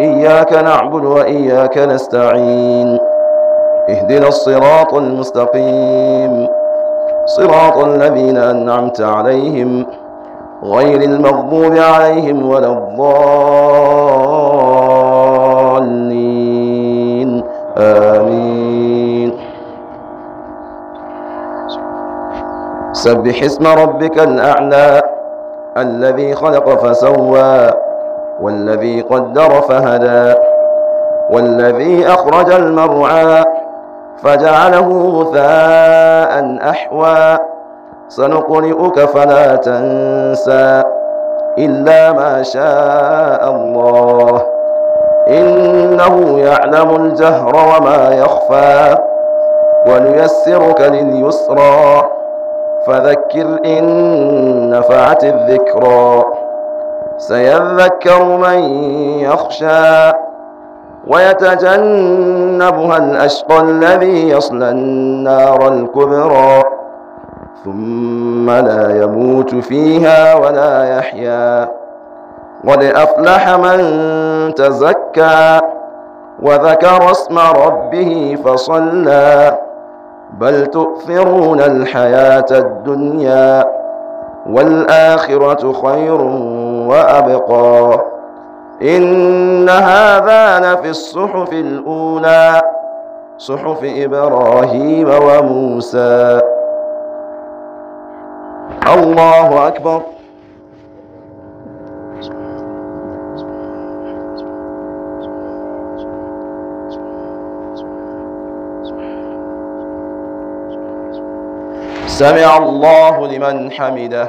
إياك نعبد وإياك نستعين اهدنا الصراط المستقيم صراط الذين أنعمت عليهم غير المغضوب عليهم ولا الضالين آمين سبح اسم ربك الأعلى الذي خلق فسوى والذي قدر فهدى والذي أخرج المرعى فجعله غثاء أحوى سنقرئك فلا تنسى إلا ما شاء الله إنه يعلم الجهر وما يخفى ونيسرك لليسرى فذكر إن نفعت الذكرى سيذكر من يخشى ويتجنبها الأشقى الذي يصلى النار الكبرى ثم لا يموت فيها ولا يحيا قد أفلح من تزكى وذكر اسم ربه فصلى بل تؤثرون الحياة الدنيا والآخرة خير وأبقى إن هذا لفي الصحف الأولى صحف إبراهيم وموسى الله أكبر سمع الله لمن حمده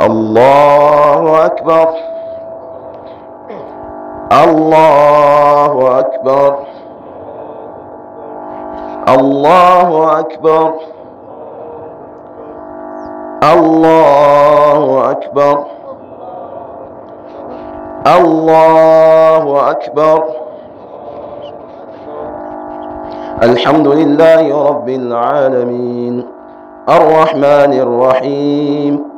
الله أكبر الله أكبر الله أكبر الله أكبر الله أكبر الحمد لله رب العالمين الرحمن الرحيم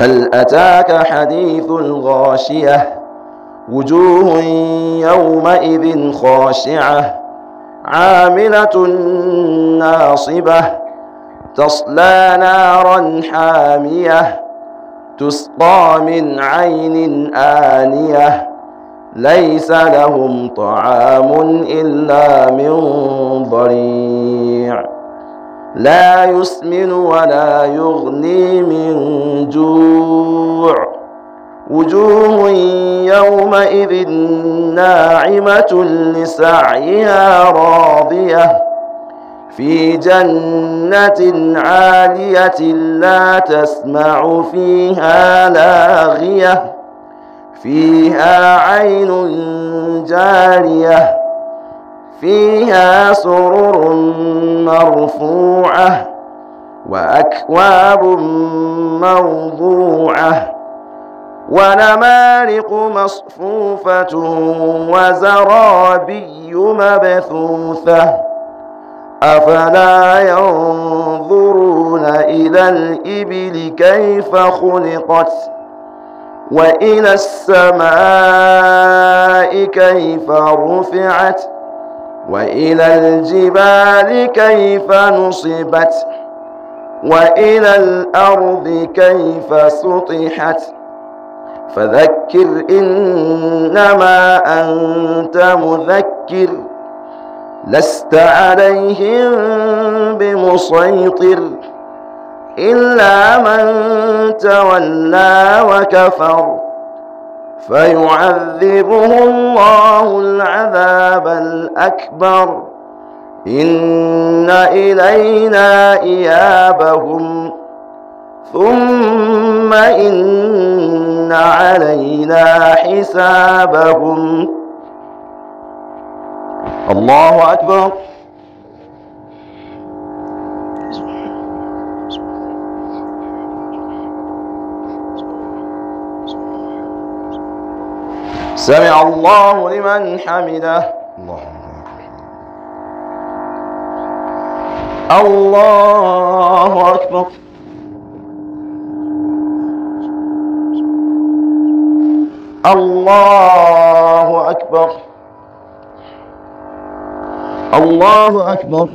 هل أتاك حديث الغاشية وجوه يومئذ خاشعة عاملة ناصبة تصلى نارا حامية تسقى من عين آنية ليس لهم طعام إلا من ضريع لا يسمن ولا يغني من جوع وجوه يومئذ ناعمة لسعيها راضية في جنة عالية لا تسمع فيها لاغية فيها عين جاريه فيها سرر مرفوعة وأكواب موضوعة ونمارق مصفوفة وزرابي مبثوثة أفلا ينظرون إلى الإبل كيف خلقت وإلى السماء كيف رفعت وإلى الجبال كيف نصبت وإلى الأرض كيف سطحت فذكر إنما أنت مذكر لست عليهم بمسيطر إلا من تولى وكفر فيعذبه الله العذاب الأكبر إن إلينا إيابهم ثم إن علينا حسابهم الله أكبر سمع الله لمن حمده الله الله أكبر الله أكبر الله أكبر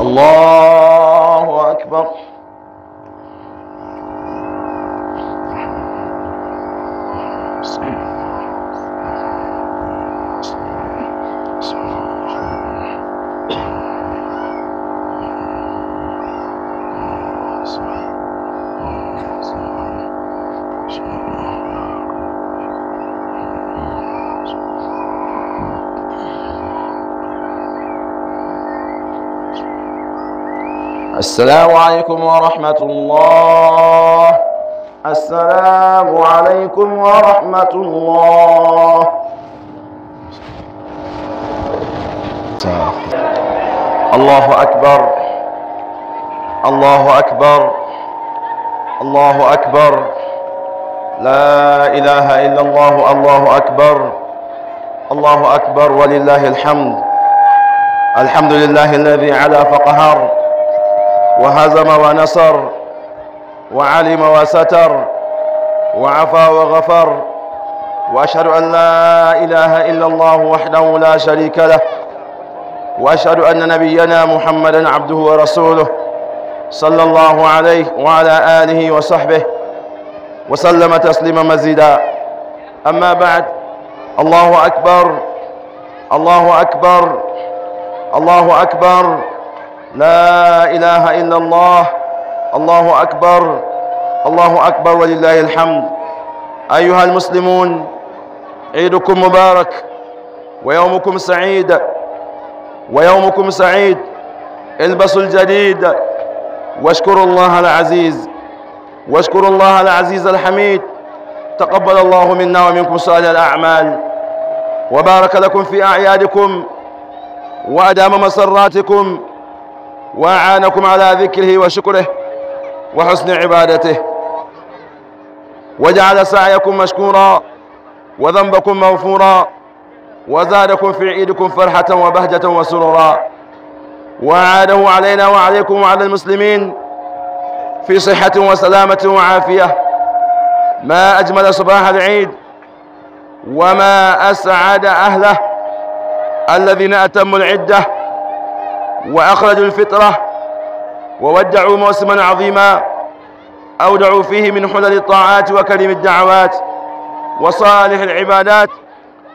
الله أكبر السلام عليكم ورحمة الله السلام عليكم ورحمة الله الله أكبر الله أكبر الله أكبر لا إله إلا الله الله أكبر الله أكبر ولله الحمد الحمد لله الذي على فقهر وهزم ونصر وعلم وستر وعفى وغفر واشهد ان لا اله الا الله وحده لا شريك له واشهد ان نبينا محمدا عبده ورسوله صلى الله عليه وعلى اله وصحبه وسلم تسليما مزيدا اما بعد الله اكبر الله اكبر الله اكبر, الله أكبر لا إله إلا الله الله أكبر الله أكبر ولله الحمد أيها المسلمون عيدكم مبارك ويومكم سعيد ويومكم سعيد البسوا الجديد واشكروا الله العزيز واشكروا الله العزيز الحميد تقبل الله منا ومنكم صالح الأعمال وبارك لكم في أعيادكم وأدام مسراتكم وأعانكم على ذكره وشكره وحسن عبادته وجعل سعيكم مشكورا وذنبكم مغفورا وزادكم في عيدكم فرحة وبهجة وسرورا وعاده علينا وعليكم وعلى المسلمين في صحة وسلامة وعافية ما أجمل صباح العيد وما أسعد أهله الذين أتموا العدة وأخرجوا الفطرة وودعوا موسما عظيما أودعوا فيه من حلل الطاعات وكريم الدعوات وصالح العبادات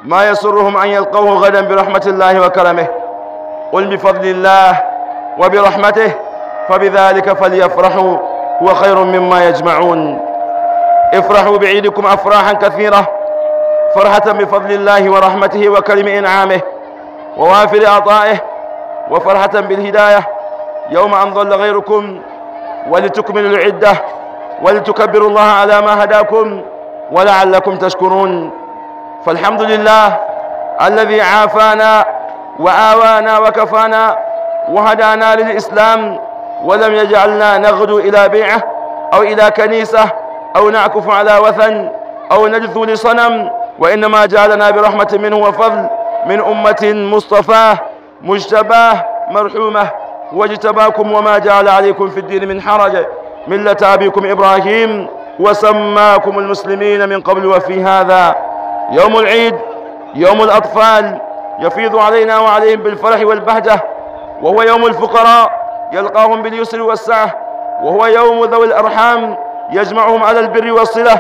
ما يسرهم أن يلقوه غدا برحمة الله وكرمه قل بفضل الله وبرحمته فبذلك فليفرحوا هو خير مما يجمعون افرحوا بعيدكم أفراحا كثيرة فرحة بفضل الله ورحمته وكريم إنعامه ووافر عطائه وفرحة بالهداية يوم أن ضل غيركم ولتكملوا العدة ولتكبروا الله على ما هداكم ولعلكم تشكرون فالحمد لله الذي عافانا وآوانا وكفانا وهدانا للإسلام ولم يجعلنا نغدو إلى بيعة أو إلى كنيسة أو نعكف على وثن أو نجثو لصنم وإنما جعلنا برحمة منه وفضل من أمة مصطفاه مجتباه مرحومه واجتباكم وما جعل عليكم في الدين من حرج ملة أبيكم إبراهيم وسماكم المسلمين من قبل وفي هذا يوم العيد يوم الأطفال يفيض علينا وعليهم بالفرح والبهجة وهو يوم الفقراء يلقاهم باليسر والسعة وهو يوم ذوي الأرحام يجمعهم على البر والصلة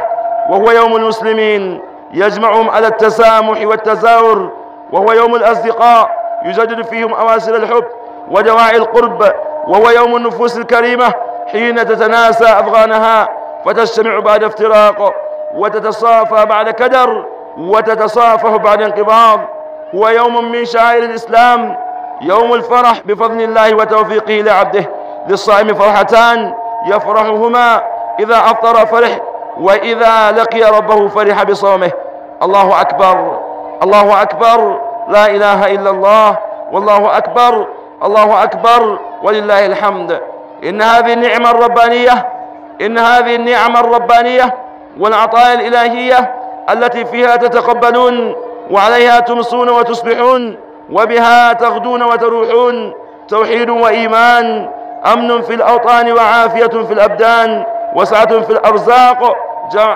وهو يوم المسلمين يجمعهم على التسامح والتزاور وهو يوم الأصدقاء يزجر فيهم أواسر الحب ودواعي القرب وهو يوم النفوس الكريمة حين تتناسى أفغانها فتجتمع بعد افتراق وتتصافى بعد كدر وتتصافح بعد انقباض هو يوم من شعائر الإسلام يوم الفرح بفضل الله وتوفيقه لعبده للصائم فرحتان يفرحهما إذا أفطر فرح وإذا لقي ربه فرح بصومه الله أكبر الله أكبر لا إله إلا الله والله أكبر الله أكبر ولله الحمد إن هذه النعمة الربانية إن هذه النعمة الربانية والعطايا الإلهية التي فيها تتقبلون وعليها تمسون وتصبحون وبها تغدون وتروحون توحيد وإيمان أمن في الأوطان وعافية في الأبدان وسعة في الأرزاق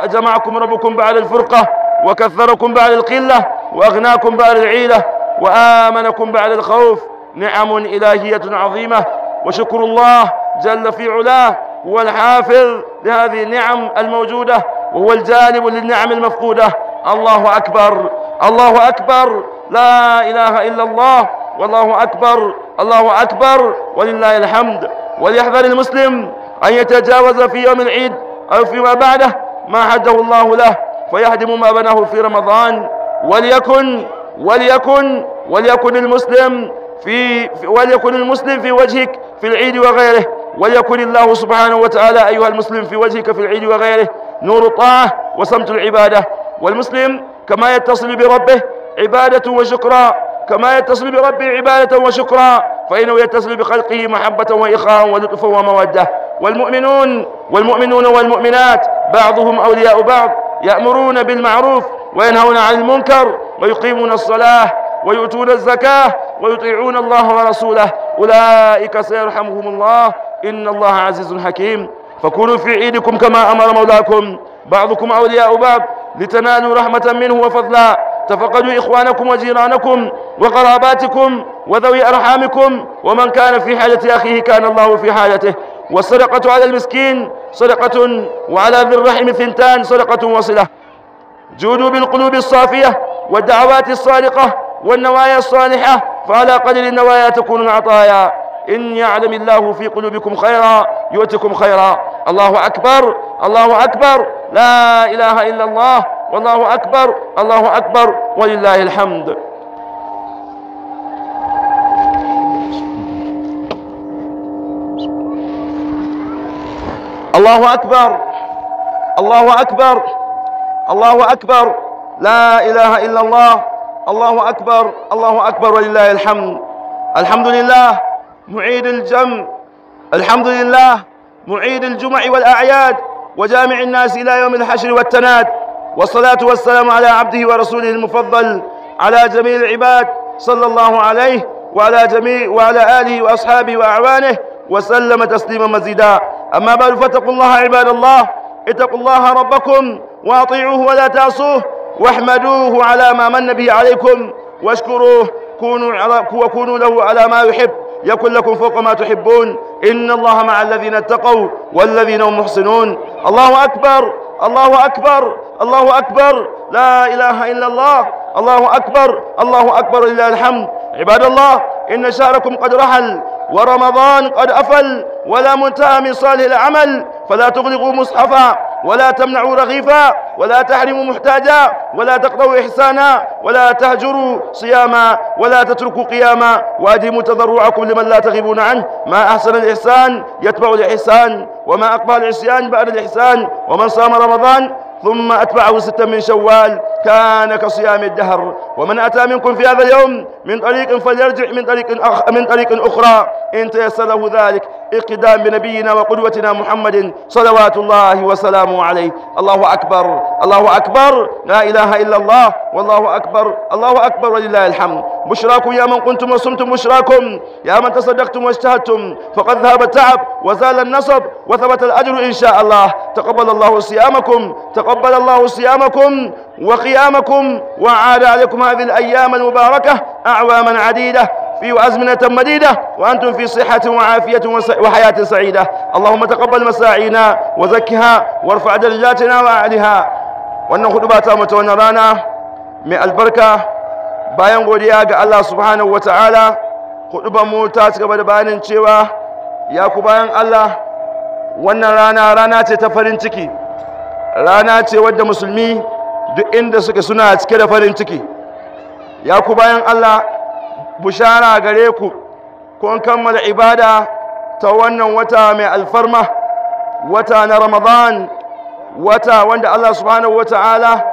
جمعكم ربكم بعد الفرقة وكثركم بعد القلة وأغناكم بعد العيلة وآمنكم بعد الخوف نعم إلهية عظيمة وشكر الله جل في علاه هو الحافظ لهذه النعم الموجودة وهو الجالب للنعم المفقودة الله أكبر الله أكبر لا إله إلا الله والله أكبر الله أكبر ولله الحمد وليحذر المسلم أن يتجاوز في يوم العيد أو فيما بعده ما حده الله له فيهدم ما بناه في رمضان وليكن وليكن وليكن المسلم في وليكن المسلم في وجهك في العيد وغيره وليكن الله سبحانه وتعالى أيها المسلم في وجهك في العيد وغيره نور الطاعة وصمت العبادة والمسلم كما يتصل بربه عبادة وشكرا كما يتصل بربه عبادة وشكرا فإنه يتصل بخلقه محبة وإخاء ولطفا ومودة والمؤمنون والمؤمنون والمؤمنات بعضهم أولياء بعض يأمرون بالمعروف وينهون عن المنكر ويقيمون الصلاة ويؤتون الزكاة ويطيعون الله ورسوله أولئك سيرحمهم الله إن الله عزيز حكيم فكونوا في عيدكم كما أمر مولاكم بعضكم أولياء بعض لتنالوا رحمة منه وفضلا تفقدوا إخوانكم وجيرانكم وقراباتكم وذوي أرحامكم ومن كان في حاجة أخيه كان الله في حاجته والصدقة على المسكين صدقة وعلى ذي الرحم ثنتان صدقة وصلة جودوا بالقلوب الصافية والدعوات الصادقة والنوايا الصالحة فعلى قدر النوايا تكون العطايا إن يعلم الله في قلوبكم خيرا يؤتكم خيرا الله أكبر الله أكبر لا إله إلا الله والله أكبر الله أكبر ولله الحمد الله أكبر الله أكبر الله أكبر لا إله إلا الله الله أكبر الله أكبر ولله الحمد الحمد لله معيد الجمع الحمد لله معيد الجمع والأعياد وجامع الناس إلى يوم الحشر والتناد والصلاة والسلام على عبده ورسوله المفضل على جميع العباد صلى الله عليه وعلى جميع وعلى آله وأصحابه وأعوانه وسلم تسليما مزيدا أما بعد فاتقوا الله عباد الله اتقوا الله ربكم واطيعوه ولا تعصوه واحمدوه على ما من به عليكم واشكروه كونوا على وكونوا له على ما يحب يكن لكم فوق ما تحبون إن الله مع الذين اتقوا والذين هم محسنون الله أكبر الله أكبر الله أكبر لا إله إلا الله الله أكبر الله أكبر لله الحمد عباد الله إن شهركم قد رحل ورمضان قد أفل ولا منتهى من صالح العمل فلا تغلقوا مصحفا ولا تمنعوا رغيفا ولا تحرموا محتاجا ولا تقطعوا إحسانا ولا تهجروا صياما ولا تتركوا قياما وأديموا تضرعكم لمن لا تغيبون عنه ما أحسن الإحسان يتبع الإحسان وما أقبل العصيان بعد الإحسان ومن صام رمضان ثم أتبعه ستا من شوال كان كصيام الدهر ومن أتى منكم في هذا اليوم من طريق فليرجع من طريق أخ من طريق أخرى إن تيسر له ذلك اقدام بنبينا وقدوتنا محمد صلوات الله وسلامه عليه الله أكبر الله أكبر لا إله إلا الله والله أكبر الله أكبر ولله الحمد بشراكم يا من كنتم وصمتم بشراكم يا من تصدقتم واجتهدتم فقد ذهب التعب وزال النصب وثبت الأجر إن شاء الله تقبل الله صيامكم تقبل الله صيامكم وقيامكم وعاد عليكم هذه الأيام المباركة أعواما عديدة في أزمنة مديدة وأنتم في صحة وعافية وحياة سعيدة اللهم تقبل مساعينا وزكها وارفع درجاتنا وأعلها وأن خطبات متونرانا من البركة bayan godiya ga Allah subhanahu wa ta'ala hudubar mu ta ci الله da bayanin cewa ya ku bayan Allah wannan rana rana ce ta farin ciki rana ce wadda musulmi duk inda suke suna cike da farin ciki ya ku bayan Allah bushara gare ku kun kammala ibada ta wannan wata mai alfarma wata na ramadan wata wanda Allah subhanahu wata'ala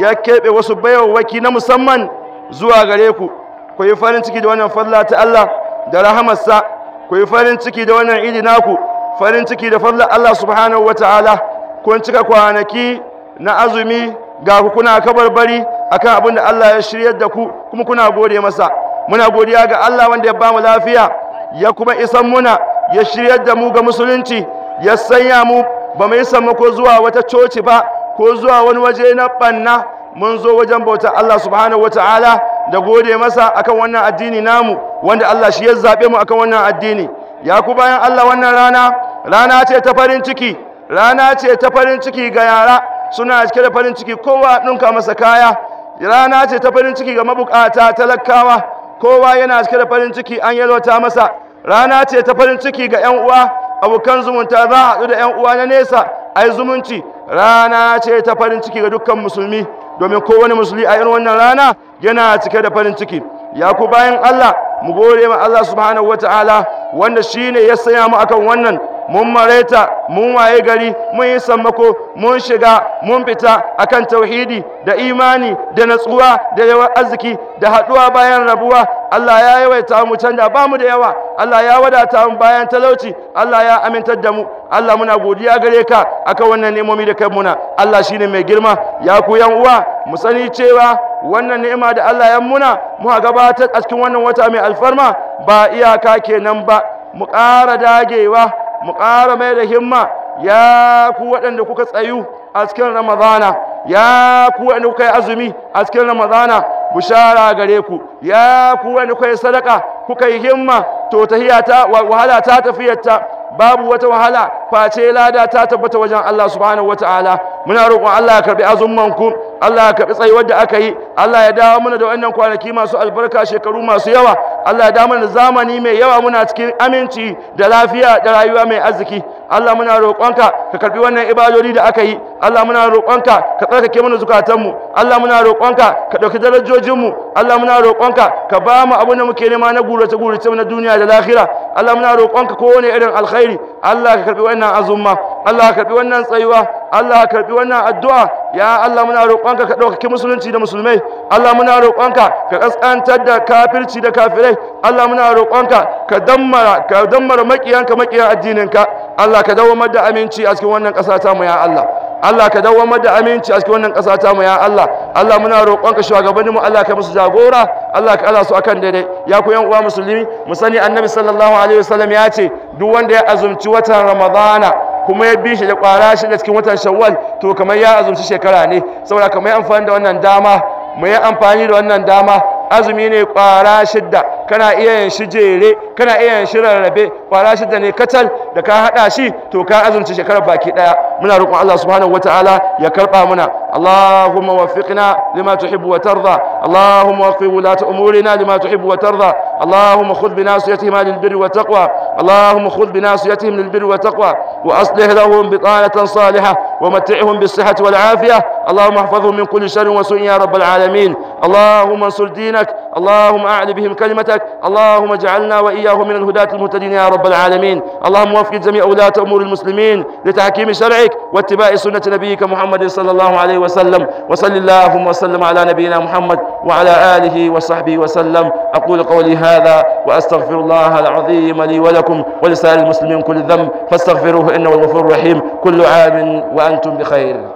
ya keɓe wasu bayawaki na musamman zuwa gare ku ku yi farin ciki da wannan falla ta Allah da rahamarsa ku yi farin ciki da wannan idi naku farin ciki da falla Allah subhanahu wata'ala kun cika kwanaki na azumi ga ku kuna kabarbari akan abin da Allah ya shiryar da ku kuma kuna gode masa muna godiya ga Allah wanda ya bamu lafiya ya kuma isan muna ya shiryar da mu ga musulunci ya sanya mu ba mu isa ko zuwa wata coci ba ko zuwa wani waje na banna mun zo wajen bauta Allah subhanahu wataala da gode masa akan wannan addini namu wanda Allah shi ya zabe mu akan wannan addini ya ku bayan Allah wannan rana rana ce ta farin ciki rana ce ta farin ciki ga yara suna cike da farin ciki kowa ɗinka masa kaya rana ce ta farin ciki ga mabukata talakawa kowa yana cike da farin ciki an yalwata masa rana ce ta farin ciki ga 'yan uwa abokan zumunta za a haɗu da 'yan uwa na nesa a yi zumunci rana ce ta farin ciki ga dukkan musulmi domin kowane musulmi a irin wannan rana yana cike da farin ciki ya ku bayan allah mu gode ma Allah subhanahu wataala wanda shine ya saya mu akan wannan mun mareta mun waye gari mun yi sammako mun shiga mun fita akan tauhidi da imani da natsuwa da yawan arziki da haduwa bayan rabuwa Allah ya yawaita mu canja ba mu da yawa Allah ya wadata mu bayan talauci Allah ya amintar da mu Allah muna godiya gare ka akan wannan nemomi da kai muna Allah shine mai girma ya ku yan uwa mu sani cewa wannan ni'ima da Allah ya muna mu gabatar a cikin wannan wata mai alfarma ba iyaka kenan ba mu ƙara dagewa mu ƙara mai da himma ya ku waɗanda kuka tsayu a cikin ramadana ya ku waɗanda kuka yi azumi a cikin ramadana bushara gare ku ya ku waɗanda kuka yi sadaka kuka yi himma to tahiya ta wahala ta tafiyarta babu wata wahala face lada ta tabbata wajen Allah subhanahu wataala muna roƙon Allah ya karbi azumman ku Allah ya karɓi tsayi da aka yi Allah ya dawo mana da wannan kwanaki masu albarka shekaru masu yawa Allah ya dawo mana zamani mai yawa muna cikin aminci da lafiya da rayuwa mai arziki Allah muna roƙonka ka karɓi wannan ibadodi da aka yi Allah muna roƙonka ka tsarkake mana zukatanmu Allah muna roƙonka ka ɗauki darajojinmu Allah muna roƙonka ka ba mu abin da muke nema na gurace gurace na duniya da lahira Allah muna roƙonka kowane irin alkhairi Allah ka karɓi wannan azumma Allah ka bi wannan tsayuwa Allah ka bi wannan addu'a ya Allah muna roƙonka ka ɗaukaki musulunci da musulmai Allah muna roƙonka ka ƙasƙantar da kafirci da kafirai Allah muna roƙonka ka dammara ka dammara maƙiyanka maƙiyan addininka Allah ka dawamar da aminci a cikin wannan ƙasa ta mu ya Allah Allah ka dawamar da aminci a cikin wannan ƙasa ta mu ya Allah Allah muna roƙonka mu Allah ka musu jagora Allah ka ala su akan daidai ya ku yan uwa musulmi mu sani annabi sallallahu alaihi wasallam ya ce duk wanda ya azumci watan ramadana kuma ya bi shi da kwara shi da cikin watan shawwal to kamar ya azumci shekara ne saboda kamar ya amfani da wannan dama mu yi amfani da wannan dama azumi ne kwara shidda kana iya yin shi jere kana iya yin shi rarrabe kwara shidda ne katal da ka hada shi to ka azumci shekarar baki daya muna roƙon Allah subhanahu wataala ya karba muna اللهم وفقنا لما تحب وترضى اللهم وفق ولاة أمورنا لما تحب وترضى اللهم خذ بناصيتهم للبر والتقوى اللهم خذ بناصيتهم للبر والتقوى وأصلح لهم بطانة صالحة ومتعهم بالصحة والعافية اللهم احفظهم من كل شر وسوء يا رب العالمين اللهم انصر دينك اللهم أعل بهم كلمتك اللهم اجعلنا وإياهم من الهداة المهتدين يا رب العالمين اللهم وفق جميع ولاة أمور المسلمين لتحكيم شرعك واتباع سنة نبيك محمد صلى الله عليه وسلم وصل اللهم وسلم على نبينا محمد وعلى آله وصحبه وسلم أقول قولي هذا وأستغفر الله العظيم لي ولكم ولسائر المسلمين كل ذنب فاستغفروه إنه الغفور الرحيم كل عام وأنتم بخير